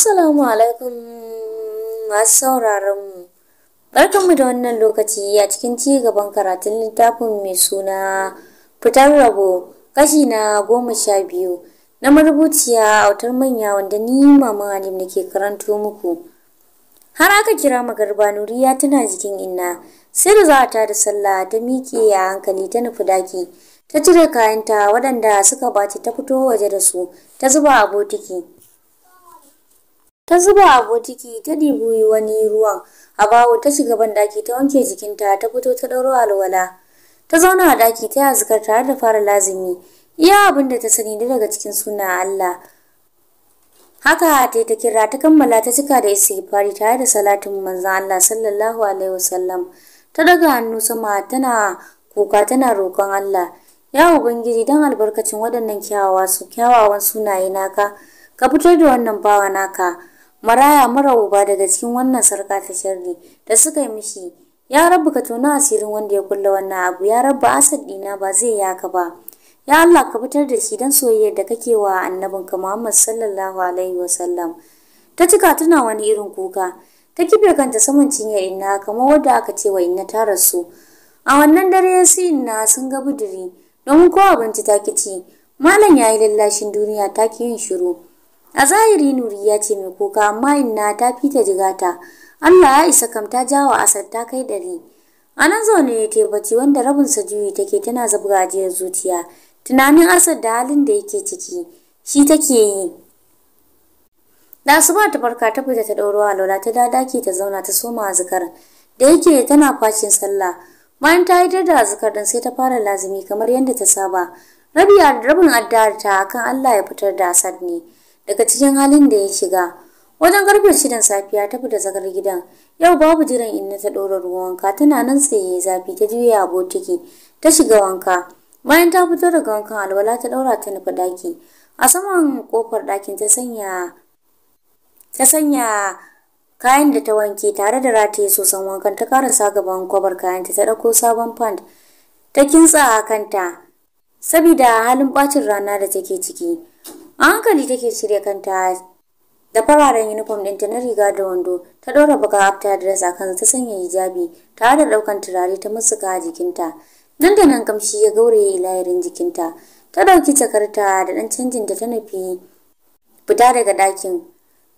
Assalamu alaikum masu sauraron mu. da wannan lokaci a cikin ci gaban karatun littafin mai suna fitar rabo kashi na goma sha biyu na marubuciya autar manya wanda ni mama Alim nake karanto muku. Har aka kira magarba Nuriya tana jikin inna sai da za ta da sallah ta miƙe a hankali ta nufi daki ta cire kayanta waɗanda suka bace ta fito waje da su ta zuba a botiki. ta zuba a botiki ta ɗibi wani ruwan a bawo ta shiga banɗaki ta wanke jikinta ta fito ta ɗauro alwala ta zauna a ɗaki ta azkar tare da fara lazimi iya abin da ta sani da daga cikin suna Allah haka ta ta kira ta kammala ta cika da istighfari tare da salatin manzo Allah sallallahu alaihi wasallam ta daga hannu sama tana kuka tana roƙon Allah ya ubangiji dan albarkacin waɗannan kyawawa su kyawawan sunaye naka ka fitar da wannan bawa naka maraya mara uba daga cikin wannan sarka ta sharri da suka yi mishi ya rabu ka tona asirin wanda ya kulla wannan abu ya rabu asad dina ba zai yaka ba ya Allah ka fitar da shi dan soyayyar da kake wa annabinka Muhammad sallallahu alaihi sallam ta cika tana wani irin kuka ta kibe kanta saman cinya inna kamar wadda aka ce wa inna ta rasu a wannan dare su inna sun ga buduri domin ko abinci ta kici malam yayi lallashin duniya ta yin shiru a zahiri Nuri ya ce mai kuka amma inna ta fita jigata allah ya isa kamta jawa jawo asar ta kai ɗari a nan zaune ne tebaci wanda rabin sa juyi take tana zabga ajiyar zuciya tunanin asar da halin da yake ciki shi take yi da su ba ta farka ta fita ta ɗaurawa alola ta dadaki ta zauna ta soma azkar da yake tana fashin sallah bayan ta yi da azkar din sai ta fara lazimi kamar yadda ta saba rabiya rabin addar ta akan Allah ya fitar da asar ne daga cikin halin da ya shiga wajen karfe shidan safiya ta fita zakar gidan yau babu jiran inna ta dora ruwan wanka tana nan tsaye zafi ta juya abotiki ta shiga wanka bayan ta fito daga wankan alwala ta daura ta nufa ɗaki a saman kofar ɗakin ta sanya ta sanya kayan da ta wanke tare da rataye sosan wankan ta karasa gaban kwabar kayanta ta ɗauko sabon pant ta kintsa a kanta saboda halin bacin rana da take ciki a hankali take shirya kanta da fararen uniform ɗinta na riga da wando ta ɗora baka after dress a kan ta sanya hijabi ta da ɗaukan turare ta musuka a jikinta nan da nan kamshi ya gauraye ilayarin jikinta ta ɗauki takarta da ɗan canjin da ta nufi fita daga dakin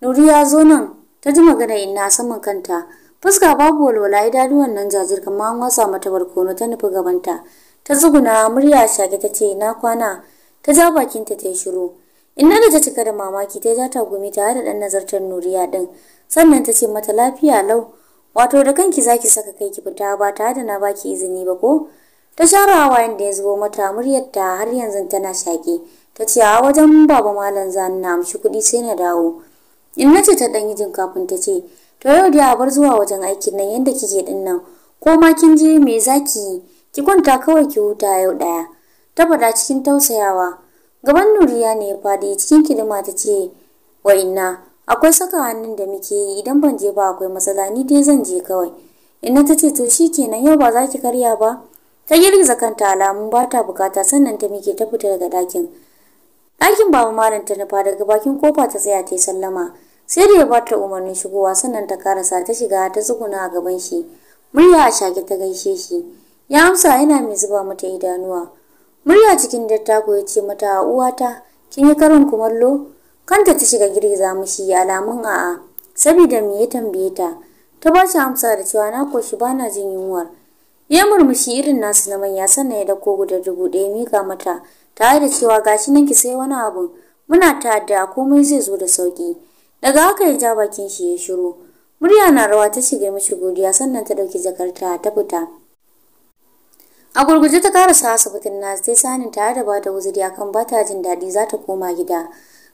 nuri ya zo nan ta ji magana ina saman kanta fuska babu walwala idanuwan nan jajir kamar an wasa mata barkono ta nufi gabanta ta tsuguna murya shage ta ce na kwana ta ja bakinta ta yi shiru Inna da ta cika da mamaki ta ja ta gumi tare da ɗan nazartar Nuriya ɗin. Sannan ta ce mata lafiya lau. Wato da kanki zaki saka kai ki fita ba tare da na baki izini ba ko? Ta shara hawayen da ya zo mata muryar ta har yanzu tana shaƙe. Ta ce a wajen baba malam zani na amshi kuɗi sai na dawo. Inna ce ta dan yi jin kafin ta ce to yau dai a bar zuwa wajen aikin nan yanda kike din nan. Ko ma kin je me zaki yi? Ki kwanta kawai ki huta yau ɗaya. Ta faɗa cikin tausayawa. Gaban Nuriya ne ya fadi cikin kidima ta ce wa akwai saka hannun da muke yi idan ban je ba akwai matsala ni dai zan je kawai. ina ta ce to shi kenan yau ba za ki karya ba. Ta girgiza kanta alamun ba ta bukata sannan ta mike ta fita daga dakin. Ɗakin baba malam ta nufa daga bakin kofa ta tsaya ta yi sallama. Sai da ya ba ta umarnin shigowa sannan ta karasa ta shiga ta tsuguna a gaban shi. Murya a shage ta gaishe shi. Ya amsa yana mai zuba mata idanuwa. Murya cikin dattako ya ce mata uwata kin yi karin kumallo? Kanta ta shiga girgiza yi alamun a'a. saboda me ya tambaye ta? Ta ba shi amsa da cewa na koshi bana jin yunwar. Ya murmushi irin nasu na manya sannan ya dako guda dubu ɗaya mika mata tare da cewa gashi nan ki sai wani abu muna ta'adda komai zai zo da sauki. Daga haka ya ja bakin shi ya shiru. Murya na rawa ta shiga mishi godiya sannan ta ɗauki jakarta ta fita. a gurguje ta karasa asibitin na sai sanin tare da bada uzuri akan bata jin daɗi za ta koma gida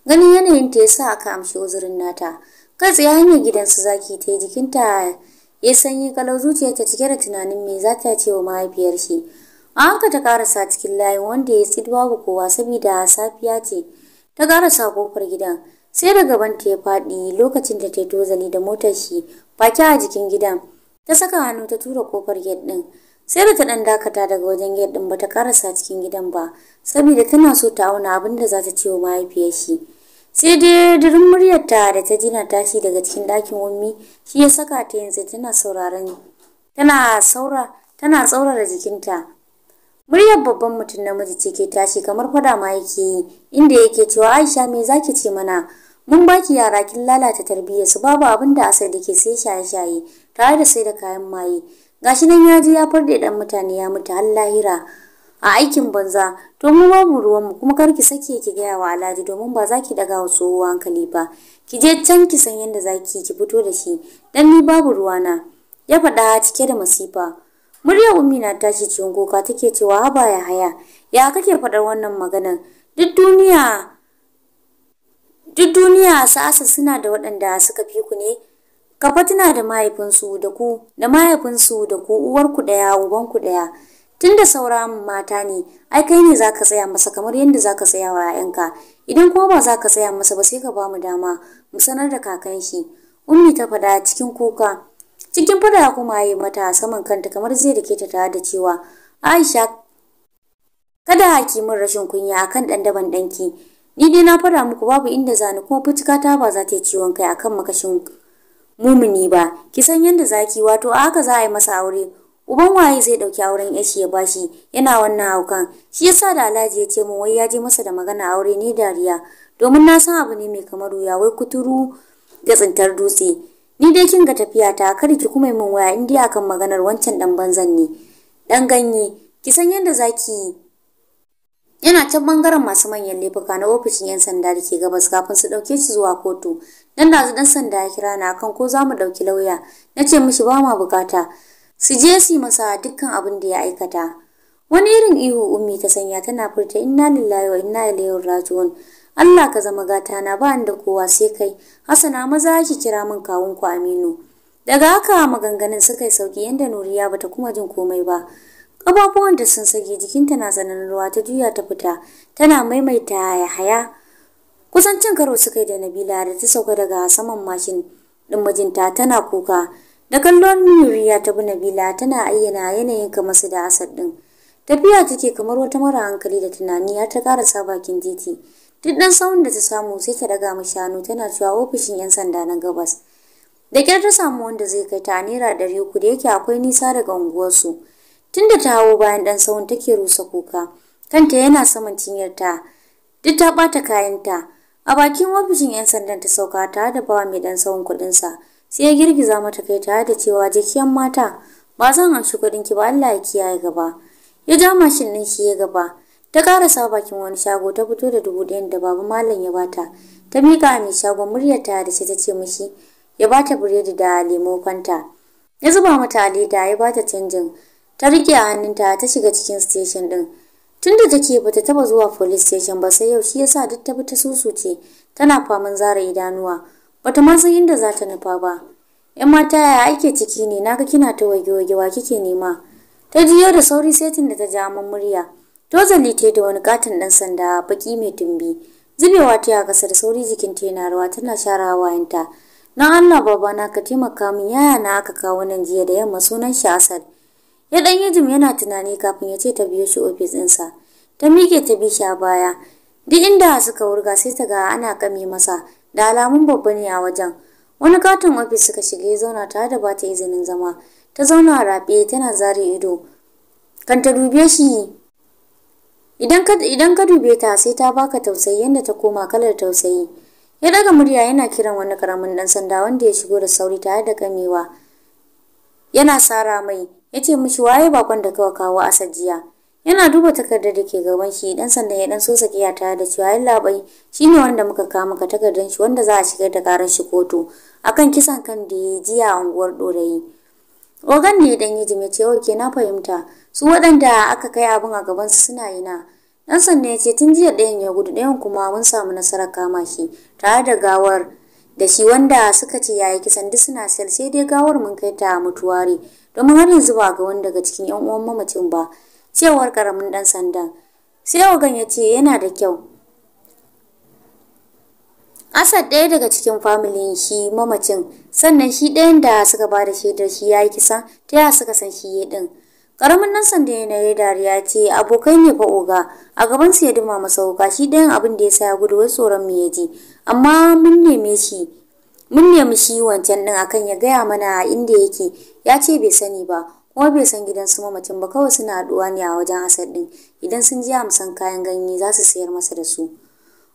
ganin yanayin ta yasa aka amshi uzurin nata kai tsaye hanyar gidan su zaki ta yi jikinta ya sanyi kalau zuciyarta cike da tunanin me za ta ce wa mahaifiyar shi a haka ta karasa cikin layin wanda ya tsid babu kowa saboda safiya ce ta karasa kofar gidan sai da gaban ta ya faɗi lokacin da ta tozali da motar shi baki a jikin gidan ta saka hannu ta tura kofar gate din sai da ta dan dakata daga wajen gate din bata karasa cikin gidan ba saboda tana so ta auna abin da za ta ce wa mahaifiyar shi sai dai durin muryar ta da ta jina tashi daga cikin dakin wummi shi ya saka ta yanzu tana sauraron tana saura tana tsaurara jikinta muryar babban mutum namiji ce ke tashi kamar fada ma yake yi inda yake cewa Aisha me zaki ce mana mun baki yara kin lalata tarbiyyar su babu abin da asali ke sai shaye-shaye tare da sai da kayan maye gashi nan ya ji ya farde dan mutane ya mutu har lahira a aikin banza to mu babu ruwan mu kuma ki sake ki gaya wa alaji domin ba za ki daga wasu hankali ba ki je can ki san yadda za ki ki fito da shi dan ni babu ruwana ya faɗa cike da masifa murya ummi na tashi cikin kuka take cewa haba ya haya ya kake faɗar wannan maganar duk duniya duk duniya sa'asa suna da waɗanda suka fi ku ne Kafa tana da mahaifinsu da ku, da mahaifinsu da ku uwarku ɗaya, ubanku ɗaya. Tun da sauran mata ne, ai kai ne zaka tsaya masa kamar yadda zaka ka tsaya wa 'ya'yanka. Idan kuma ba za tsaya masa ba sai ka bamu dama, mu sanar da kakan shi. Ummi ta faɗa cikin kuka. Cikin fada kuma yi mata saman kanta kamar zai da ke ta tare da cewa, Aisha, kada haki min rashin kunya akan ɗan daban ɗanki. Ni dai na faɗa muku babu inda zani kuma fitika ta ba za ta yi ciwon kai akan makashin mumuni ba ki san yadda zaki wato a haka za a yi masa aure uban waye zai dauki auren yashi ya bashi yana wannan haukan shi yasa da alhaji ya ce mun wai ya je masa da magana aure ni dariya domin na san abu ne mai kamar wuya wai kuturu ga tsintar dutse ni dai kin ga tafiya ta kar ki kuma min waya in dai akan maganar wancan dan banzan ne dan ganye ki san yadda zaki yana can bangaren masu manyan laifuka na ofishin 'yan sanda da ke gabas kafin su dauke shi zuwa kotu na nasu dan sanda ya kira na kan ko zamu dauki lauya nace mishi ba ma bukata su je su masa dukkan abin da ya aikata wani irin ihu ummi ta sanya tana furta inna lillahi wa inna ilaihi raji'un Allah ka zama gata na ba da kowa sai kai Hassana maza ki kira min kawun ku Aminu daga haka maganganun suka yi sauki yanda Nuriya bata kuma jin komai ba Ƙafafuwan da sun sage jikinta na tsananin ruwa ta juya ta fita tana maimaita ya haya kusan cin karo suka yi da nabila da ta sauka daga saman mashin ɗin mijinta tana kuka da kallon nuriya ta bi nabila tana ayyana yanayin kamar su da asad ɗin tafiya take kamar wata mara hankali da tunani har ta karasa bakin titi duk ɗan saun da ta samu sai ta daga mu shanu tana cewa ofishin 'yan sanda na gabas da kyar ta samu wanda zai kai ta naira ɗari uku da yake akwai nisa daga unguwarsu tunda ta hawo bayan ɗan saun take rusa kuka kanta yana saman cinyarta duk ta ɓata kayanta A bakin ofishin 'yan sandan ta sauka tare da bawa mai dan tsawon sa sai ya girgiza mata kai tare da cewa jikiyan mata ba zan amshi kuɗin ki ba Allah ya kiyaye gaba. Ya ja mashin ɗin shi ya gaba. Ta karasa bakin wani shago ta fito da dubu ɗayan da babu malam ya bata. Ta miƙa mai shagon muryar ta da ce ta ce mishi ya bata biredi da lemo fanta. Ya zuba mata leda ya bata canjin. Ta rike a hannunta ta shiga cikin station ɗin. tunda da take bata taba zuwa police station ba sai yau shi yasa duk ta bi ta susuce tana faman zara idanuwa bata ma san inda za ta nufa ba yan mata ya ake ciki ne naga kina ta wage-wage wa kike nema ta jiyo da sauri setin da ta ja mun murya tozali te da wani katin dan sanda baki mai tumbi zubewa ta kasa da sauri jikin ta yana rawa tana share wayanta na Allah babana ka taimaka min yaya na aka kawo nan jiya da yamma sunan shi Asad ya dan yi jim yana tunani kafin ya ce ta biyo shi ofis ɗinsa ta miƙe ta bi shi a baya duk inda suka wurga sai ta ga ana kame masa da alamun babba ne a wajen wani katon ofis suka shiga ya zauna tare da bata izinin zama ta zauna a raɓe tana zare ido kan ta dube shi idan ka idan ka dube ta sai ta baka tausayi yanda ta koma kalar tausayi ya daga murya yana kiran wani karamin dan sanda wanda ya shigo da sauri tare da kamewa yana sara mai ya ce mishi waye bakon da kawa kawo asa jiya. Yana duba takardar da ke gaban shi dan sanda ya dan sosa kiya tare da cewa yalla labai shine wanda muka kawo muka takardar shi wanda za a shigar da karar shi kotu akan kisan kan da ya jiya a unguwar Dorayi. Ogan ne dan yi jimi ce ke na fahimta su waɗanda aka kai abin a gaban su suna yina Dan sanda ya ce tun jiya ɗayan ya gudu ɗayan kuma mun samu nasarar kama shi tare da gawar da shi wanda suka ce yayi kisan duk suna sayar sai dai gawar mun kai ta mutuwari domin har yanzu ba ga wanda daga cikin yan uwan mamacin ba cewar karamin dan sandan sai wagan ya ce yana da kyau Asad ɗaya daga cikin familin shi mamacin sannan shi ɗayan da suka ba da shaidar shi yayi kisan ta ya suka san shi ya din Ƙaramin nan sanda ya yi dariya ce abokai ne fa oga a gabansu ya duma masa wuka shi ɗayan abin da ya sa ya gudu wai tsoron me ya ji amma mun neme shi mun nemi shi wancan din akan ya gaya mana inda yake ya ce bai sani ba kuma bai san gidan su mamacin ba kawai suna haɗuwa ne a wajen asar din idan sun je amsan kayan ganye za su sayar masa da su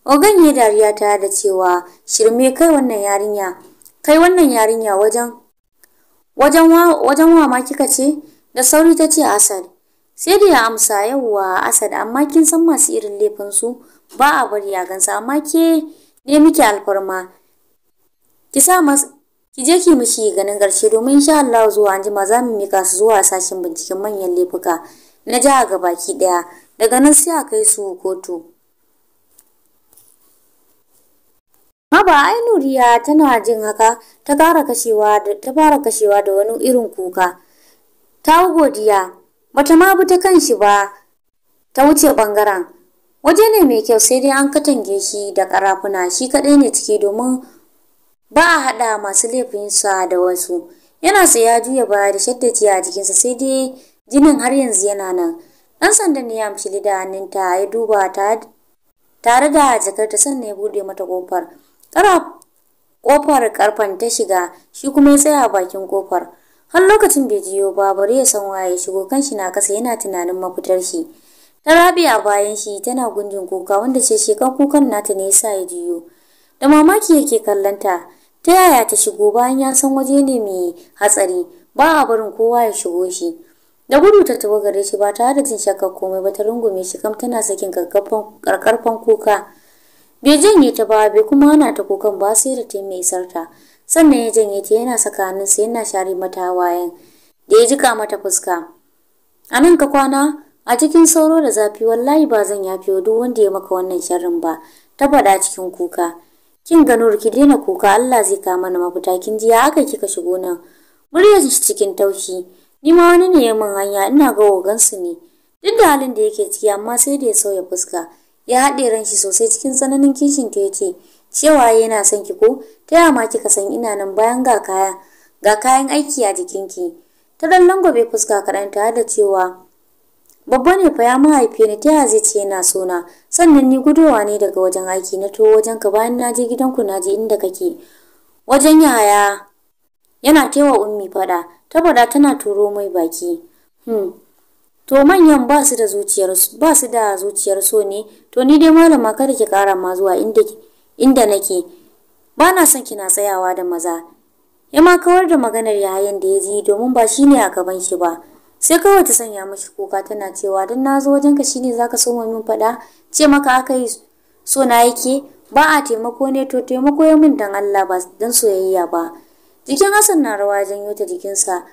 ogan ya dariya ta da cewa shirme kai wannan yarinya kai wannan yarinya wajen wajen wajen wa ma kika ce da sauri ta ce asad sai da ya amsa yauwa asad amma kin san masu irin laifin su ba a bari a gansa amma ke ne miki alfarma ki sa mas ki je ki mishi ganin ƙarshe domin insha Allah zuwa anjima za mu mika su zuwa sashin binciken manyan laifuka na jiha ki ɗaya daga nan sai a kai su kotu Haba ai Nuriya tana jin haka ta fara kashewa da ta fara kashewa da wani irin kuka. Ta godiya bata ma bi ta shi ba ta wuce bangaren. waje ne mai kyau sai dai an katange shi da karafuna shi kaɗai ne ciki domin ba a haɗa masu laifinsa da wasu yana sai ya juya ba da shaddaci a jikinsa sai dai jinin har yanzu yana nan ɗan sanda ne ya amshi da hannunta ya duba tare da jakarta sannan ya bude mata ƙofar ƙofar karfan ta shiga shi kuma ya tsaya bakin kofar har lokacin bai jiyo ba bari ya san waye shigo kanshi na kasa yana tunanin mafitar shi ta rabi a bayan shi tana gunjin kuka wanda ce shekan kukan nata ne yasa ya jiyo da mamaki yake kallanta ta yaya ta shigo bayan ya san waje ne mai hatsari ba a barin kowa ya shigo shi da gudu ta tawo gare shi ba tare da jin shakkar komai ba ta rungume shi kam tana sakin karkarfan kuka bai janye ta ba bai kuma hana ta kukan ba sai da ta mai sarta sannan ya janye ta yana saka hannunsa yana share mata wayan da ya jika mata fuska a nan ka kwana a cikin sauro da zafi wallahi ba zan yafi wa duk wanda ya maka wannan sharrin ba ta faɗa cikin kuka kin gano ki daina kuka Allah zai ka mana mafita kin ji ya aka kika shigo nan muryar cikin taushi ni ma wani ne min hanya ina ga ogansu ne duk da halin da yake ciki amma sai da ya sauya fuska ya haɗe ran shi sosai cikin tsananin kishin ta yace cewa yana son ki ko ta ma kika san ina nan bayan ga kaya ga kayan aiki a jikinki ta dan gobe fuska kaɗan ta da cewa babba ne fa ya mahaife ni ta zai ce yana sona sannan ni gudowa ne daga wajen aiki na to wajen ka bayan na je gidanku na je inda kake wajen yaya yana kewa ummi fada ta fada tana turo mai baki hmm to manyan ba su da zuciyar ba su da zuciyar so ne to ni dai malama kada ki kara ma zuwa inda inda nake ba na son kina tsayawa da maza ya ma kawar da maganar yayin da ya ji domin ba shi ne a gaban shi ba sai kawai ta sanya mashi kuka tana cewa dan na zo wajenka shine zaka soma min fada? ce maka aka yi so na yake ba a taimako ne to taimako ya min dan Allah ba dan soyayya ba jikin Hassan na rawa janyo ta sa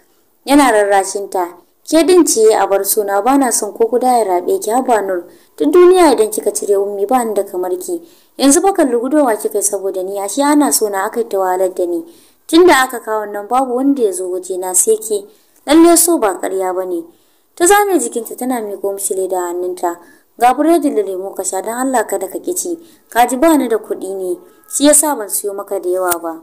yana rarrashin ta ke din ce a bar suna ba na son ko guda ya rabe ki haba nur duk duniya idan kika cire ummi ba ni da kamar ki yanzu ba kalli gudowa kika saboda ni shi ana so na ta tawalar da ni tunda aka kawo nan babu wanda ya zo waje na sai ke lalle so ba ƙarya ba ne ta zame jikinta tana mai mishi leda hannunta ga buredi da lemo ka sha don allah da ka kici ka ji ba ni da kuɗi ne shi yasa ban siyo maka da yawa ba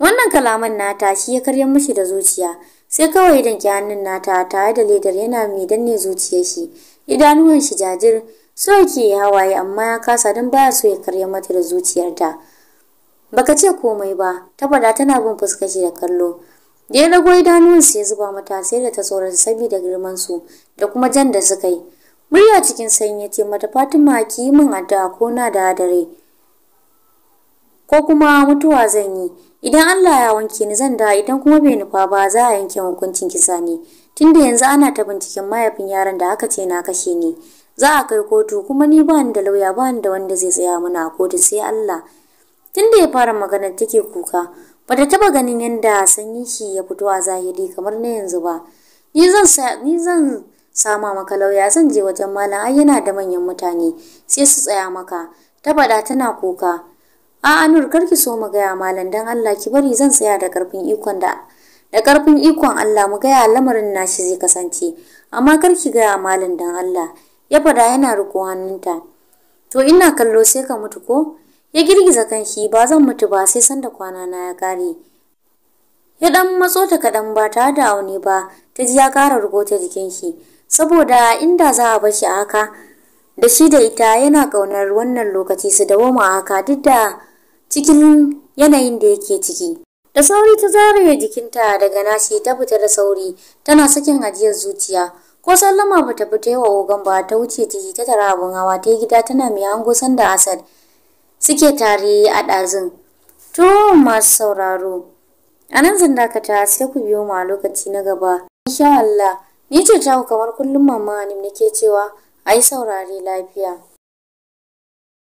wannan kalaman nata shi ya karya mishi da zuciya sai kawai ki hannun nata tare da ledar yana mai danne zuciyar shi idanuwan shi jajir so yake hawaye amma ya kasa don baya so ya karya mata da zuciyarta baka ce komai ba ta faɗa tana bin fuskar shi da kallo da ya rago idanuwansu ya zuba mata sai da ta tsorata saboda girman su da kuma jan da suka yi murya cikin sanyi ya ce mata fatima ki yi min addu'a ko na da dare ko kuma mutuwa zan yi idan allah ya wanke ni zan da idan kuma bai nufa ba za a yanke hukuncin kisa ne tunda yanzu ana ta binciken mahaifin yaran da aka ce na kashe ni za a kai kotu kuma ni ba ni da lauya ba ni da wanda zai tsaya mana a kotu sai allah tunda ya fara maganar take kuka bata taba ganin yadda sanyi shi ya fito a zahiri kamar na yanzu ba ni zan ni zan sama maka lauya zan je wajen malam ai yana da manyan mutane sai su tsaya maka ta faɗa tana kuka a anur karki so mu gaya malam dan Allah ki bari zan tsaya da karfin ikon da da karfin ikon Allah mu gaya lamarin nashi zai kasance amma karki gaya malam dan Allah ya faɗa yana riko hannunta to ina kallo sai ka mutu ko ya girgiza shi ba zan mutu ba sai sanda kwana na ya kare ya dan matso ta kadan ba ta da aune ba ta ji ya kara rugo jikin shi saboda inda za a bashi haka da shi da ita yana ƙaunar wannan lokaci su dawo ma haka duk da cikin yanayin da yake ciki da sauri ta zare jikinta daga nashi ta fita da sauri tana sakin ajiyar zuciya ko sallama bata fita yawa ogan ba ta wuce ciki ta tara abun hawa ta gida tana mai hango sanda asad suke tare a ɗazun. To masu sauraro, a nan zan dakata sai ku biyo ma lokaci na gaba. Insha Allah, ni ce ku kamar kullum mama nake cewa a yi saurare lafiya.